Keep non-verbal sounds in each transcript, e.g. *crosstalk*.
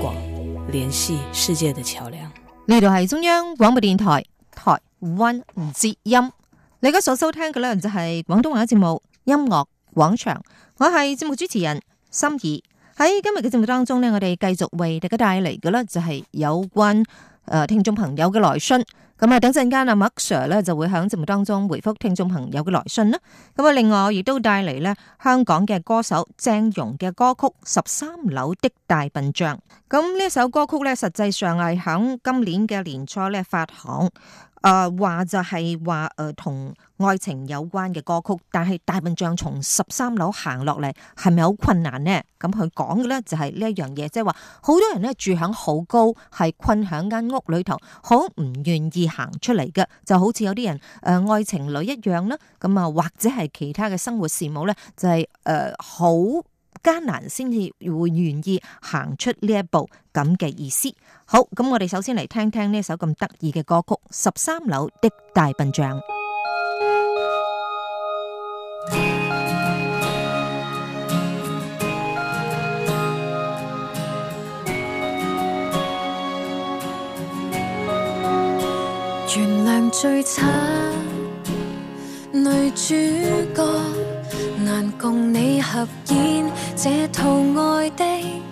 廣聯繫世界的橋樑，呢度係中央廣播電台台灣之音，你而家所收聽嘅呢，就係廣東話節目音樂廣場，我係節目主持人心怡。喺今日嘅節目當中呢，我哋繼續為大家帶嚟嘅呢，就係有關誒聽眾朋友嘅來信。咁啊，等陣間阿麥 Sir 咧就會喺節目當中回覆聽眾朋友嘅來信啦。咁啊，另外亦都帶嚟咧香港嘅歌手鄭融嘅歌曲《十三樓的大笨象》。咁呢首歌曲咧，實際上係響今年嘅年初咧發行。啊、呃，話就係話，誒、呃，同愛情有關嘅歌曲，但係大笨象從十三樓行落嚟，係咪好困難呢？咁佢講嘅咧就係呢一樣嘢，即係話好多人咧住喺好高，係困喺間屋裏頭，好唔願意行出嚟嘅，就好似有啲人誒、呃、愛情裏一樣啦。咁、嗯、啊，或者係其他嘅生活事務咧，就係誒好艱難先至會願意行出呢一步咁嘅意思。好，咁我哋首先嚟聽聽呢一首咁得意嘅歌曲《十三樓的大笨象》，原諒最慘女主角。難共你合演這套愛的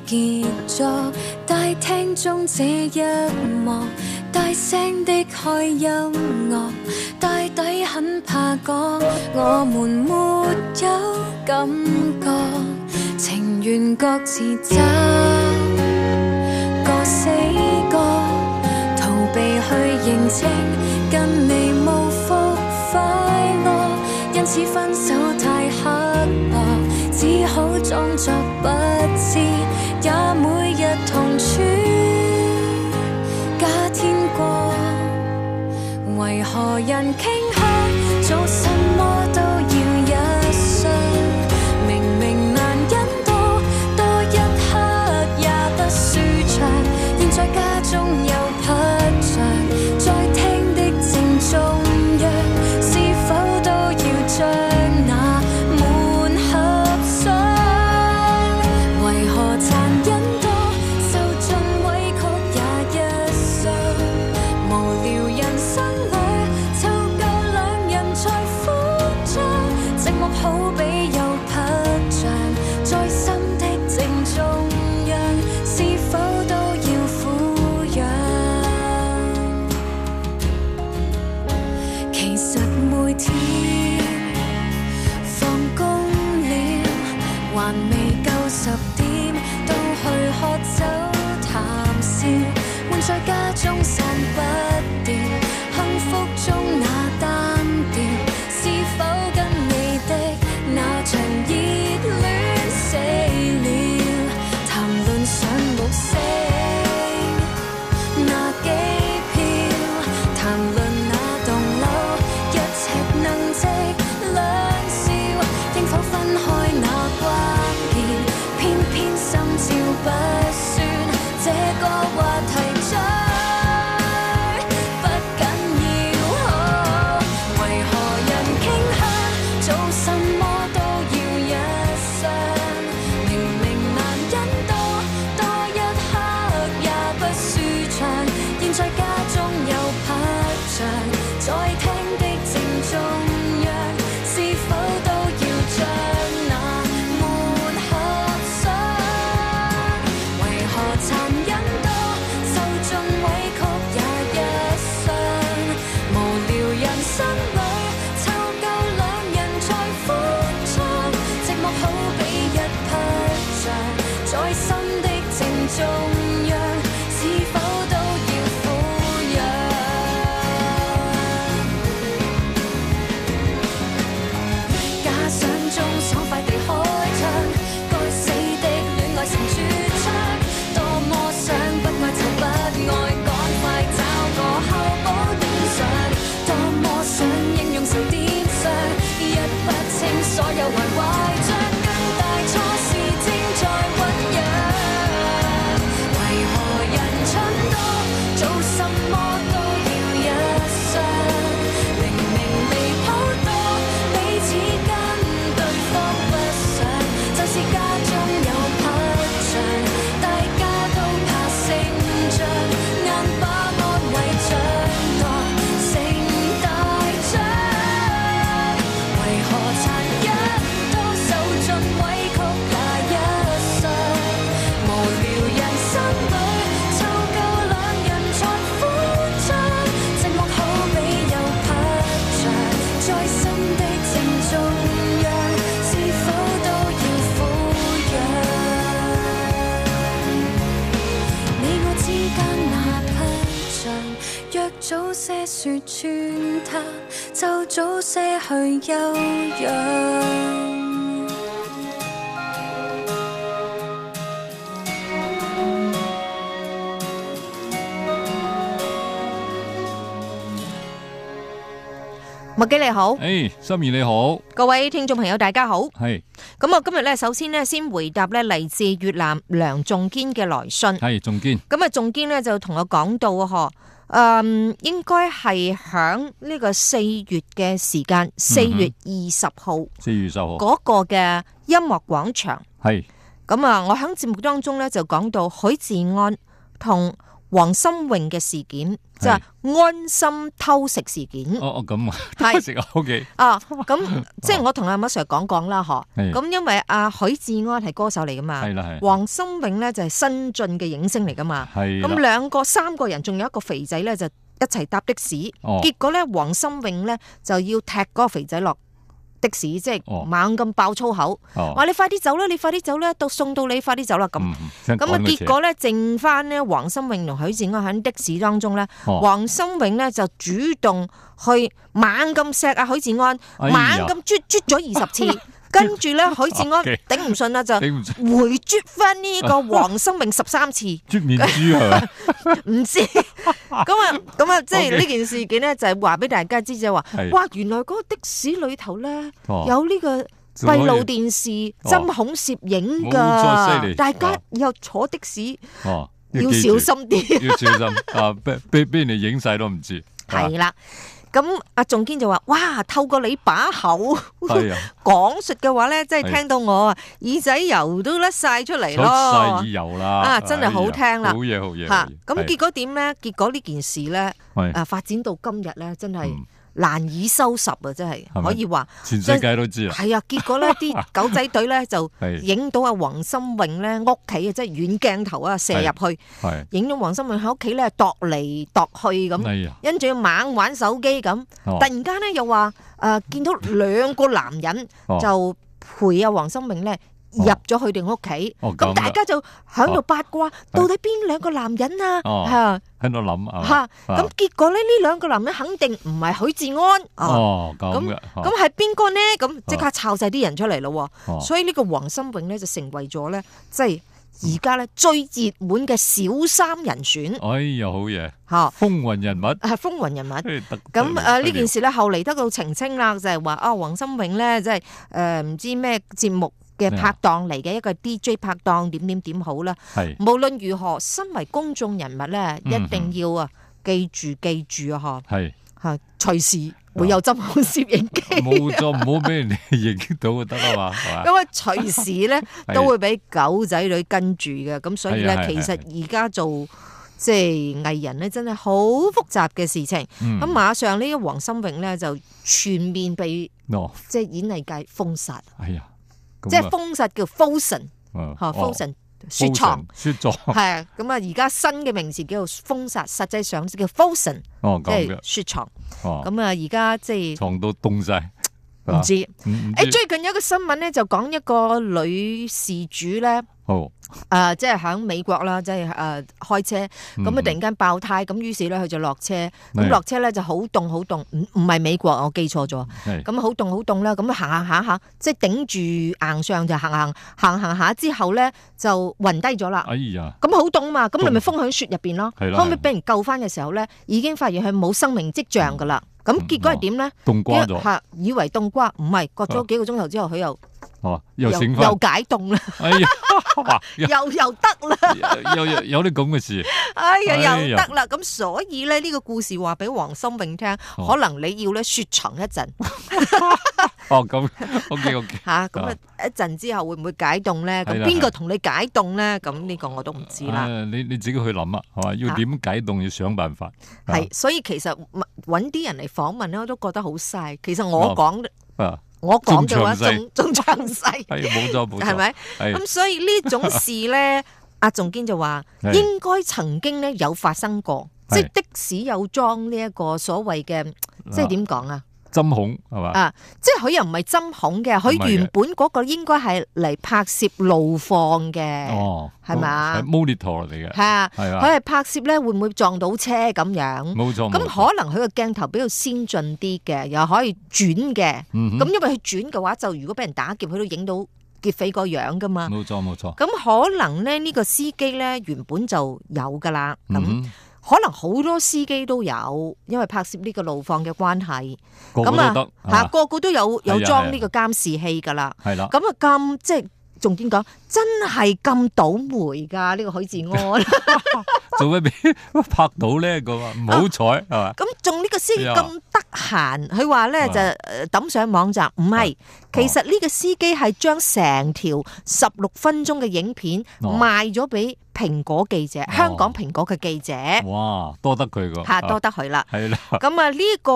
傑作，大廳中這一幕，大聲的開音樂，大抵很怕講，我們沒有感覺，情願各自找個死角，逃避去認清，跟你無福快樂，因此分手。裝作不知，也每日同處。假天光，為何人傾向早生？麥基你好，誒，心怡你好，各位聽眾朋友大家好，係，咁我今日咧首先咧先回答咧嚟自越南梁仲堅嘅來信，係仲堅，咁啊仲堅咧就同我講到啊嗬。嗯，應該係響呢個 um, 四月嘅時間，四月二十號，四月十號嗰個嘅音樂廣場。係咁啊，我響節目當中咧，就講到許志安同黃心穎嘅事件就係安心偷食事件。哦 *laughs* 哦，咁啊食啊，O K 啊，咁即係我同阿 Michelle 講講啦，嗬。咁因為阿許志安係歌手嚟噶嘛，係啦係。黃心穎咧就係、是、新晉嘅影星嚟噶嘛，係。咁兩個三個人仲有一個肥仔咧就一齊搭的士，哦、結果咧黃心穎咧就要踢嗰個肥仔落。的士即係猛咁爆粗口，話、哦、你快啲走啦，你快啲走啦，到送到你，你快啲走啦咁。咁啊、嗯、結果咧，剩翻咧黃心穎同許志安喺的士當中咧、哦，黃心穎咧就主動去猛咁錫啊許志安，哎、猛咁啜啜咗二十次。啊啊。跟住咧，許志安頂唔順啦，就回絕翻呢個黃心穎十三次。 *laughs* 面豬係唔知咁啊，咁 *laughs* 啊知道，即係呢件事件咧，okay. 就係話俾大家知就話，哇，原來嗰個的士裏頭咧有呢個閉路電視針攝、針孔攝影噶，大家以後坐的士、哦、要小心啲，要小心， *laughs* 要小心啊！被，被你影晒都唔知，係、啊、啦。咁阿仲堅就話：哇，透過你把口講、哎、 *laughs* 述嘅話咧，真係聽到我耳仔油都甩晒出嚟咯，耳油啦，啊，哎、真係好聽啦、哎，好嘢好嘢。吓、啊，咁結果點咧？結果呢件事咧，啊，發展到今日咧，真係。嗯難以收拾啊！真係可以話，全世界都知啊。係啊，結果咧，啲狗仔隊咧 *laughs* 就影到阿黃心穎咧屋企啊，即係遠鏡頭啊射入去，影咗黃心穎喺屋企咧度嚟度去咁，跟住、哎、猛玩手機咁、哦。突然間咧又話誒、呃，見到兩個男人就陪阿黃心穎咧。入咗佢哋屋企，咁、哦哦啊、大家就喺度八卦，到底邊兩個男人啊？吓喺度諗啊！吓咁、啊啊、結果呢，呢兩個男人肯定唔係許志安、啊、哦。咁咁係邊個呢？咁、啊、即、啊、刻炒晒啲人出嚟咯、啊。所以呢個黃心穎咧就成為咗咧，即係而家咧最熱門嘅小三人選。嗯、哎呀，好嘢！吓風雲人物啊，風雲人物。咁啊，呢件事咧後嚟得到澄清啦，就係話啊，黃、哦、心穎咧即係誒，唔、呃、知咩節目。嘅拍檔嚟嘅一個 DJ 拍檔，點點點好啦。係無論如何，身為公眾人物咧、嗯，一定要啊記住記住啊！吓係吓，隨時會有針孔攝影機。冇錯，唔好俾人哋影到就得啊嘛，因為隨時咧 *laughs* 都會俾狗仔女跟住嘅，咁所以咧、啊啊，其實而家做即係藝人咧，真係好複雜嘅事情。咁、嗯啊、馬上呢個黃心穎咧就全面被即係、哦就是、演藝界封殺。哎即係封殺叫 fashion 嗬 fashion 雪藏。雪藏係啊，咁、哦就是、啊，而家新嘅名詞叫封殺，實際上叫 fashion 即係雪藏。咁啊，而家即係藏到東西，唔知。誒、嗯欸，最近有一個新聞咧，就講一個女事主咧。誒、呃，即係響美國啦，即係誒、呃、開車，咁、嗯、啊突然間爆胎，咁於是咧佢就落車，咁落車咧就好凍好凍，唔唔係美國，我記錯咗，咁好凍好凍啦，咁行行下下，即係頂住硬上就行行行行下之後咧就暈低咗啦，哎呀，咁好凍啊嘛，咁你咪封響雪入邊咯，的的後尾俾人救翻嘅時候咧已經發現佢冇生命跡象噶啦。嗯咁、嗯、結果係點咧？凍瓜咗，吓，以為凍瓜，唔係，割咗幾個鐘頭之後佢、啊、又哦、啊，又醒又，又解凍啦、哎，又 *laughs* 又得啦，又，又，又有啲咁嘅事，哎呀又得啦，咁、哎、所以咧呢、這個故事話俾黃心穎聽、啊，可能你要咧雪藏一陣。 *laughs* 哦，咁，吓，咁啊，一陣之後會唔會解凍咧？咁邊個同你解凍咧？咁呢個我都唔知啦。你你自己去諗啊，係嘛？要點解凍？要想辦法。係，所以其實搵啲人嚟訪問咧，我都覺得好嘥。其實我講，我講嘅話仲仲詳細，係冇錯冇錯，係咪？咁所以呢種事咧，阿仲堅就話應該曾經咧有發生過，即係的士有裝呢一個所謂嘅，即係點講啊？針孔係嘛？啊，即係佢又唔係針孔嘅，佢原本嗰個應該係嚟拍攝路況嘅，係嘛？monitor 嚟嘅，係啊，佢係拍攝咧會唔會撞到車咁樣？冇錯。咁可能佢個鏡頭比較先進啲嘅，又可以轉嘅。咁、嗯、因為佢轉嘅話，就如果俾人打劫，佢都影到劫匪個樣噶嘛。冇錯冇錯。咁可能咧呢個司機咧原本就有噶啦。可能好多司機都有，因為拍攝呢個路況嘅關係，咁啊嚇個個都有有裝呢個監視器㗎啦。係啦，咁啊咁即係重點講，真係咁倒楣㗎呢個許志安。做咩俾拍到呢？咁啊唔好彩係嘛？咁仲呢個司機咁得閒，佢話咧就抌上網站。唔係，其實呢個司機係將成條十六分鐘嘅影片賣咗俾。蘋果記者，香港蘋果嘅記者、哦，哇，多得佢個，拍多得佢啦，係、啊、啦。咁啊呢個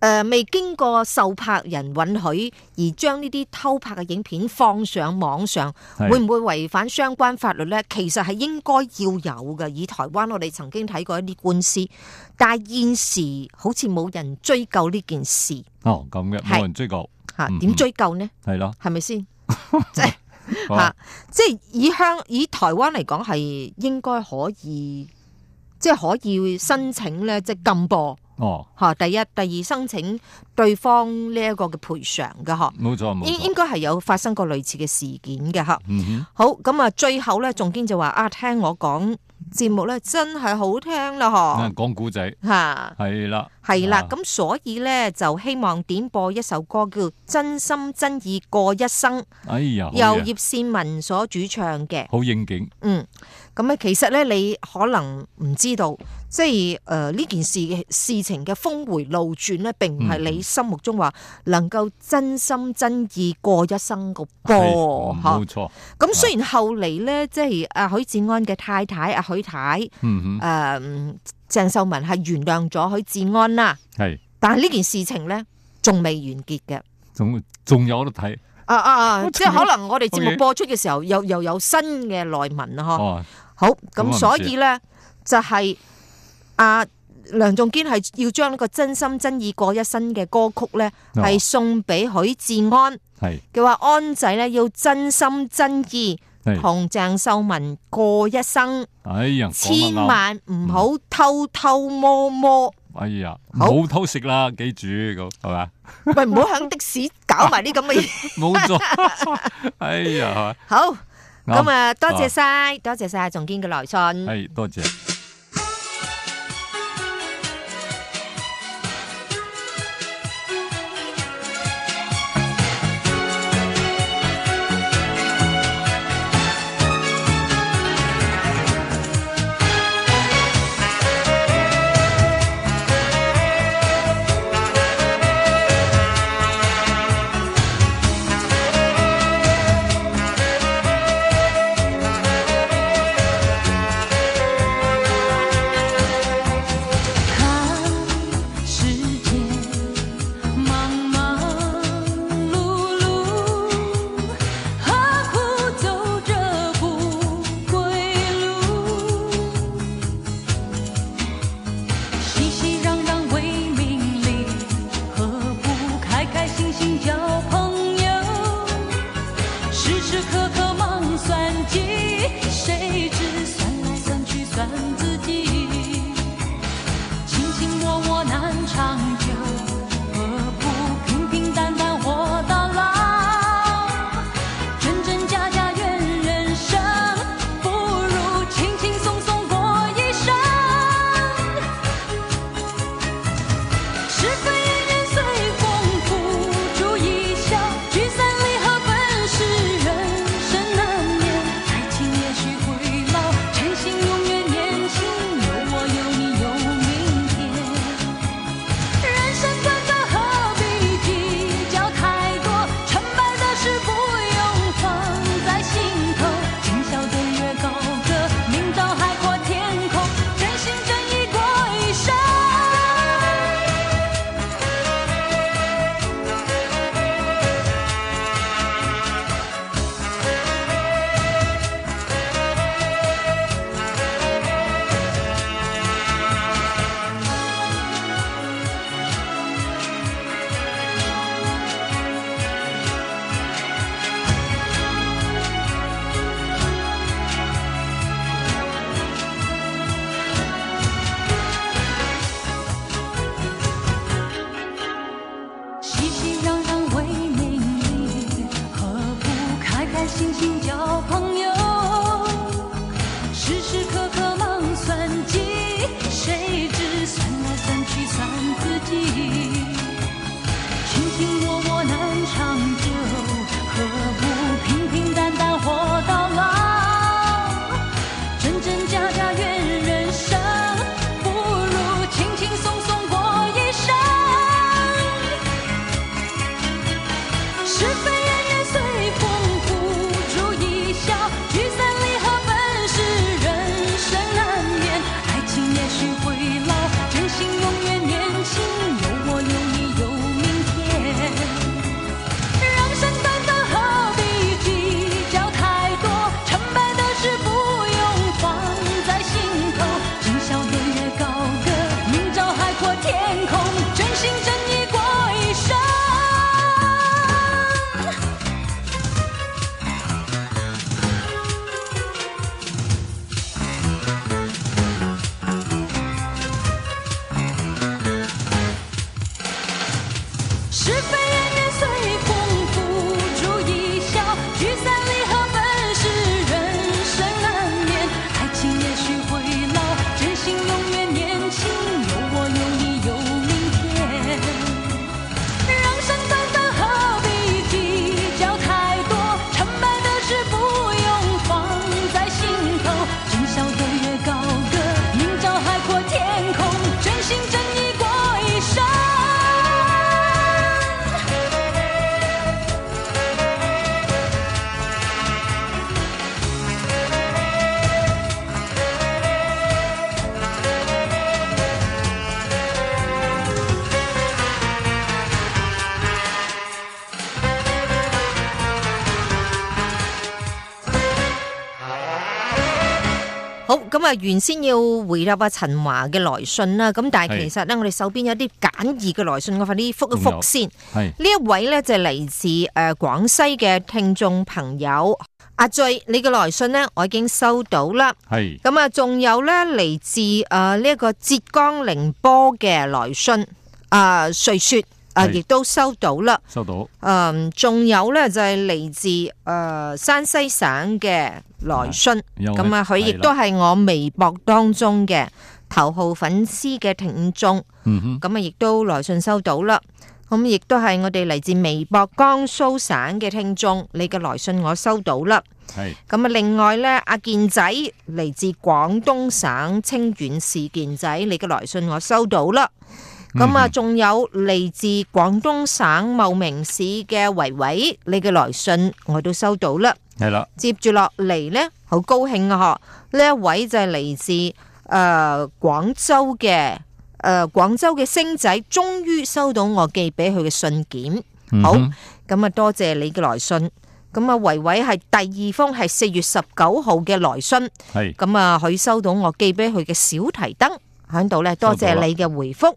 誒未、呃、經過受拍人允許而將呢啲偷拍嘅影片放上網上，會唔會違反相關法律呢？其實係應該要有嘅。以台灣我哋曾經睇過一啲官司，但係現時好似冇人追究呢件事。哦，咁嘅冇人追究吓，點、嗯啊、追究呢？係咯，係咪先？即 *laughs* 吓、哦，即係以香以台灣嚟講係應該可以，即、就、係、是、可以申請咧，即係禁播哦。吓，第一、第二申請對方呢一個嘅賠償嘅，嗬，冇錯，應應該係有發生過類似嘅事件嘅吓、嗯。好，咁啊，最後咧，仲堅就話啊，聽我講。節目咧真係好聽啦，嗬！講古仔吓，係啦、啊，係啦、啊。咁、啊、所以呢，就希望點播一首歌叫《真心真意過一生》，哎呀，由葉倩文所主唱嘅，好應景，嗯。咁啊，其實咧，你可能唔知道，即係誒呢件事嘅事情嘅峰迴路轉咧，並唔係你心目中話能夠真心真意過一生個波冇、嗯嗯嗯嗯、錯。咁雖然後嚟咧，即係阿許志安嘅太太阿許太，呃、嗯誒鄭、嗯、秀文係原諒咗許志安啦，係、嗯。但係呢件事情咧，仲未完結嘅，仲仲有得睇。啊啊啊！即係可能我哋節目播出嘅時候又，又又有新嘅來文啊！嗬、哦。好，咁所以咧就係阿梁仲堅係要將呢個真心真意過一生嘅歌曲咧，係送俾許志安。係佢話安仔咧要真心真意同鄭秀文過一生。哎呀，千萬唔好偷偷摸摸。哎呀，唔好偷食啦，記住咁係咪啊？喂，唔好響的士搞埋啲咁嘅嘢。冇錯。哎呀，好。咁啊，多謝晒，多謝晒阿仲堅嘅來信。係，多謝。咁啊，原先要回答阿陳華嘅來信啦。咁但係其實咧，我哋手邊有啲簡易嘅來信，我快啲覆一覆先。係呢一位咧就嚟自，誒廣西嘅聽眾朋友阿醉，你嘅來信咧我已經收到啦。係咁啊，仲有咧，嚟自，誒呢一個浙江寧波嘅來信，阿瑞雪。啊！亦都收到啦，收到。誒，仲有咧就係嚟自誒山西省嘅來信，咁啊佢亦都係我微博當中嘅頭號粉絲嘅聽眾。嗯哼，咁啊亦都來信收到啦。咁亦都係我哋嚟自微博江蘇省嘅聽眾，你嘅來信我收到啦。係。咁啊，另外咧，阿健仔嚟自廣東省清遠市，健仔，你嘅來信我收到啦。咁啊，仲有嚟自廣東省茂名市嘅維維，你嘅來信我都收到啦。係啦，接住落嚟咧，好高興啊！嗬，呢一位就係嚟自誒廣州嘅誒廣州嘅星仔，終於收到我寄俾佢嘅信件。好，咁啊多謝你嘅來信。咁啊維維係第二封係四月十九號嘅來信，係，咁啊佢收到我寄俾佢嘅小提燈。喺度咧，多謝你嘅回覆。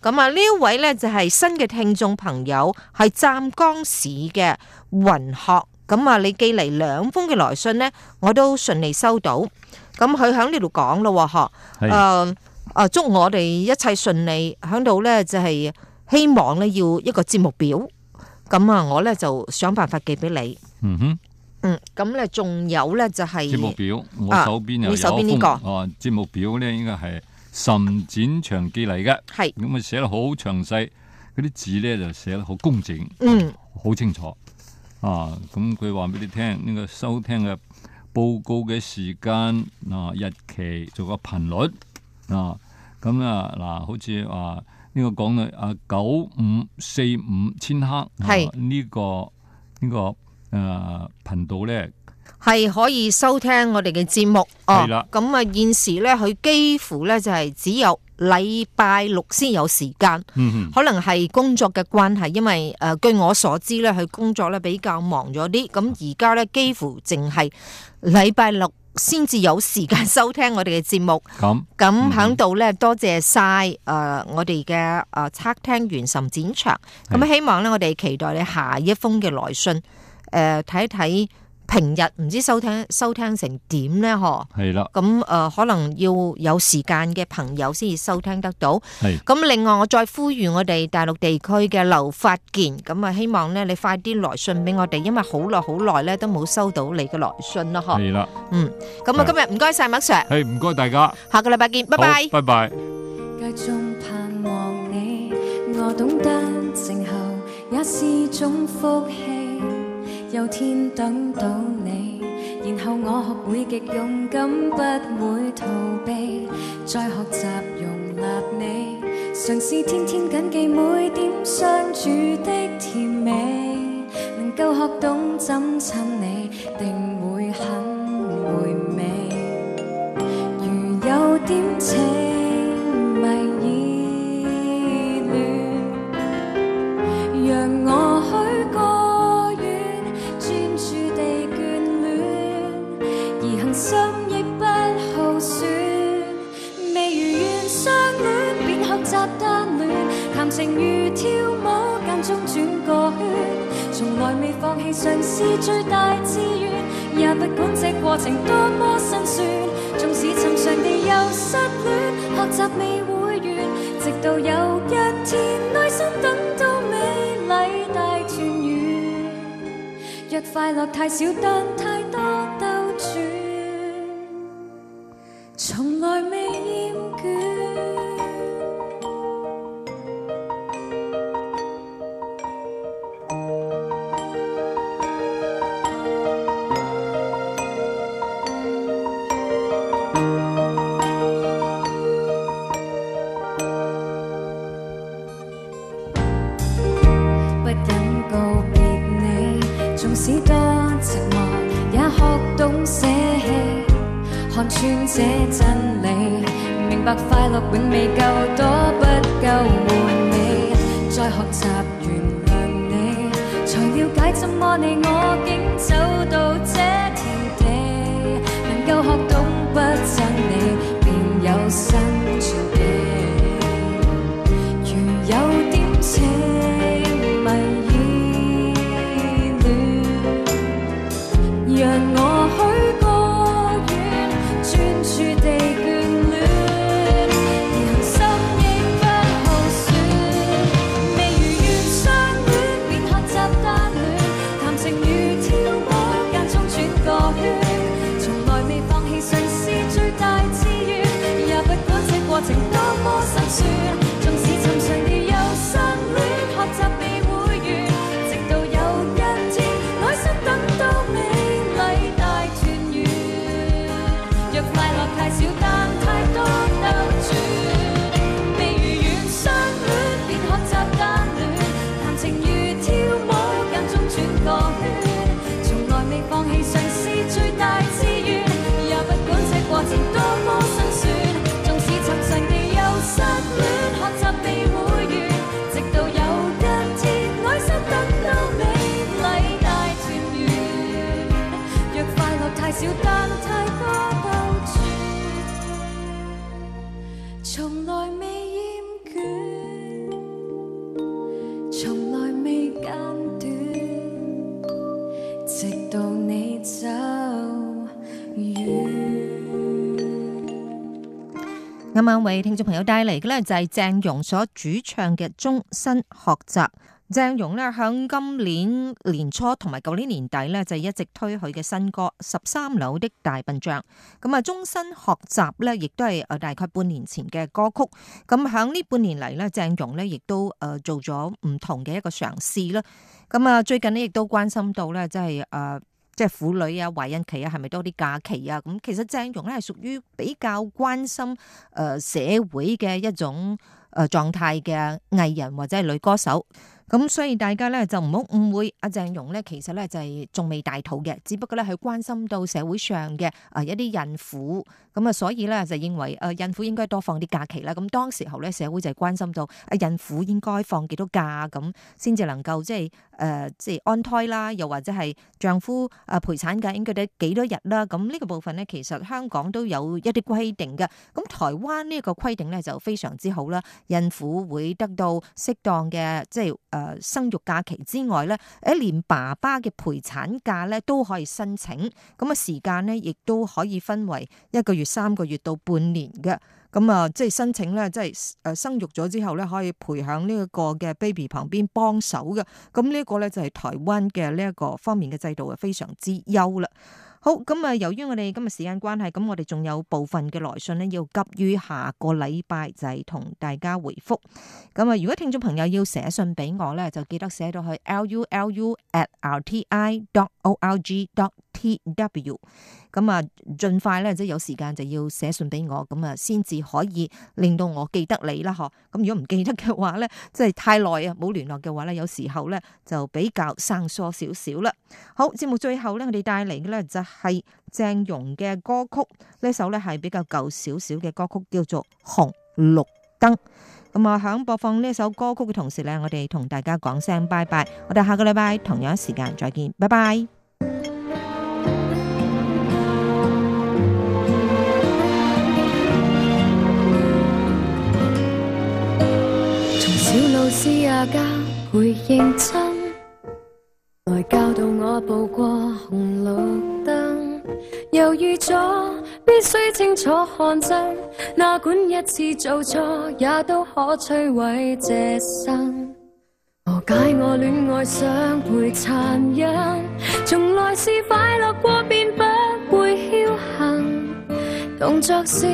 咁啊，呢一位咧就係新嘅聽眾朋友，係湛江市嘅雲學。咁啊，你寄嚟兩封嘅來信咧，我都順利收到。咁佢喺呢度講咯，嗬。誒誒，祝我哋一切順利。喺度咧就係希望咧要一個節目表。咁啊，我咧就想辦法寄俾你。嗯哼。嗯。咁咧仲有咧就係節目表，我手邊又有呢個。哦，節目表咧應該係。神展長記嚟嘅，咁啊寫得好詳細，嗰啲字咧就寫得好工整，嗯，好清楚啊。咁佢話俾你聽呢、這個收聽嘅報告嘅時間啊日期，做個頻率啊。咁啊嗱，好似話呢個講到啊九五四五千克，係、啊，這個這個啊、呢個呢個誒頻道咧係可以收聽我哋嘅節目，哦、啊，咁啊、嗯、現時咧佢幾乎咧就係只有禮拜六先有時間，可能係工作嘅關係，因為誒、呃、據我所知咧佢工作咧比較忙咗啲，咁而家咧幾乎淨係禮拜六先至有時間收聽我哋嘅節目。咁咁響度咧多謝晒誒、呃、我哋嘅誒測聽員沈展祥，咁、嗯、希望咧我哋期待你下一封嘅來信，誒睇一睇。看看平日唔知收聽收聽成點咧嗬，係啦，咁誒可能要有時間嘅朋友先至收聽得到，係。咁另外我再呼籲我哋大陸地區嘅劉發健，咁啊希望咧你快啲來信俾我哋，因為好耐好耐咧都冇收到你嘅來信咯，嗬。係啦，嗯，咁啊今日唔該晒麥 Sir，係唔該大家，下個禮拜見，拜拜，拜拜。有天等到你，然後我學會極勇敢，不會逃避，再學習容納你，嘗試天天緊記每點相處的甜美，能夠學懂怎襯你。從來未放棄嘗試最大志願，也不管這過程多麼辛酸。縱使尋常地又失戀，學習未會完，直到有一天耐心等到美麗大團圓。若快樂太少，但太多兜轉，從來未厭倦。太多，從來未厭倦，從來未間斷，直到你走遠。啱啱為聽眾朋友帶嚟嘅呢，就係鄭融所主唱嘅《終身學習》。鄭融咧，喺今年年初同埋舊年年底咧，就一直推佢嘅新歌《十三樓的大笨象》。咁啊，終身學習咧，亦都係誒大概半年前嘅歌曲。咁喺呢半年嚟咧，鄭融咧亦都誒做咗唔同嘅一個嘗試啦。咁啊，最近呢，亦都關心到咧，就是，即係誒即係婦女啊，懷孕期啊，係咪多啲假期啊？咁其實鄭融咧係屬於比較關心誒社會嘅一種誒狀態嘅藝人或者係女歌手。咁所以大家咧就唔好誤會阿鄭融咧，其實咧就係仲未大肚嘅，只不過咧佢關心到社會上嘅啊一啲孕婦，咁啊所以咧就認為誒孕婦應該多放啲假期啦。咁當時候咧社會就係關心到啊孕婦應該放幾多假咁先至能夠即係誒即係安胎啦，又或者係丈夫啊陪產假應該得幾多日啦。咁呢個部分咧其實香港都有一啲規定嘅，咁台灣呢個規定咧就非常之好啦，孕婦會得到適當嘅即係誒。誒，生育假期之外咧，誒連爸爸嘅陪產假咧都可以申請，咁啊時間咧亦都可以分為一個月、三個月到半年嘅。咁啊即係申請咧即係誒生育咗之後咧可以陪喺呢一個嘅 baby 旁邊幫手嘅，咁呢一個咧就係台灣嘅呢一個方面嘅制度啊非常之優啦。好，咁啊！由於我哋今日時間關係，咁我哋仲有部分嘅來信呢，要急於下個禮拜就同大家回覆。咁啊，如果聽眾朋友要寫信俾我咧，就記得寫到去 lulu@rti.org.tw。咁啊，盡快咧，即係有時間就要寫信俾我，咁啊，先至可以令到我記得你啦，嗬。咁如果唔記得嘅話咧，即係太耐啊，冇聯絡嘅話咧，有時候咧就比較生疏少少啦。好，節目最後咧，我哋帶嚟嘅咧就。係鄭融嘅歌曲，呢首咧係比較舊少少嘅歌曲，叫做《紅綠燈》。咁啊，響播放呢一首歌曲嘅同時咧，我哋同大家講聲拜拜，我哋下個禮拜同樣時間再見，拜拜。從小老師也教培養真。雖清楚看真，哪管一次做錯，也都可摧毀這生。何解我戀愛相倍殘忍？從來是快樂過便不會僥幸。動作小，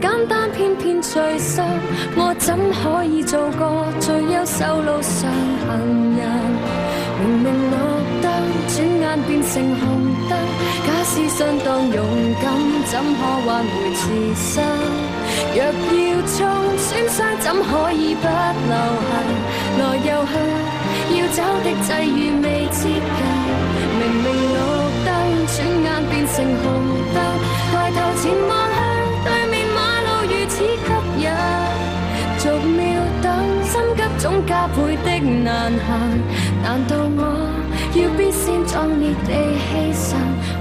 簡單，偏偏最深。我怎可以做個最優秀路上行人？明明綠燈，轉眼變成紅燈。自相當勇敢，怎可挽回自身？若要衝，損傷怎可以不留痕？來又去，要找的際遇未接近。明明綠燈，轉眼變成紅燈。抬頭前望去，對面馬路如此吸引。逐秒等，心急總加倍的難行。難道我要必先壯烈地犧牲？